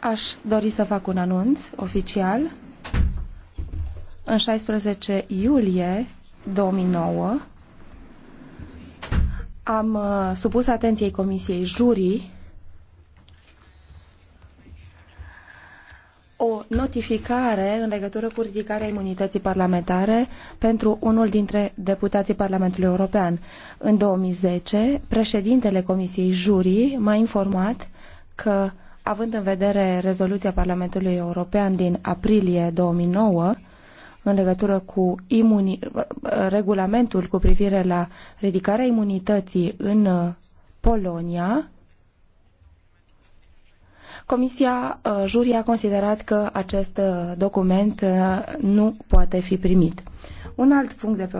Aș dori să fac un anunț oficial. În 16 iulie 2009 am uh, supus atenției Comisiei Jurii o notificare în legătură cu ridicarea imunității parlamentare pentru unul dintre deputații Parlamentului European. În 2010, președintele Comisiei Jurii m-a informat că având în vedere rezoluția Parlamentului European din aprilie 2009 în legătură cu imuni... regulamentul cu privire la ridicarea imunității în uh, Polonia, Comisia uh, Jurii a considerat că acest uh, document nu poate fi primit. Un alt punct de pe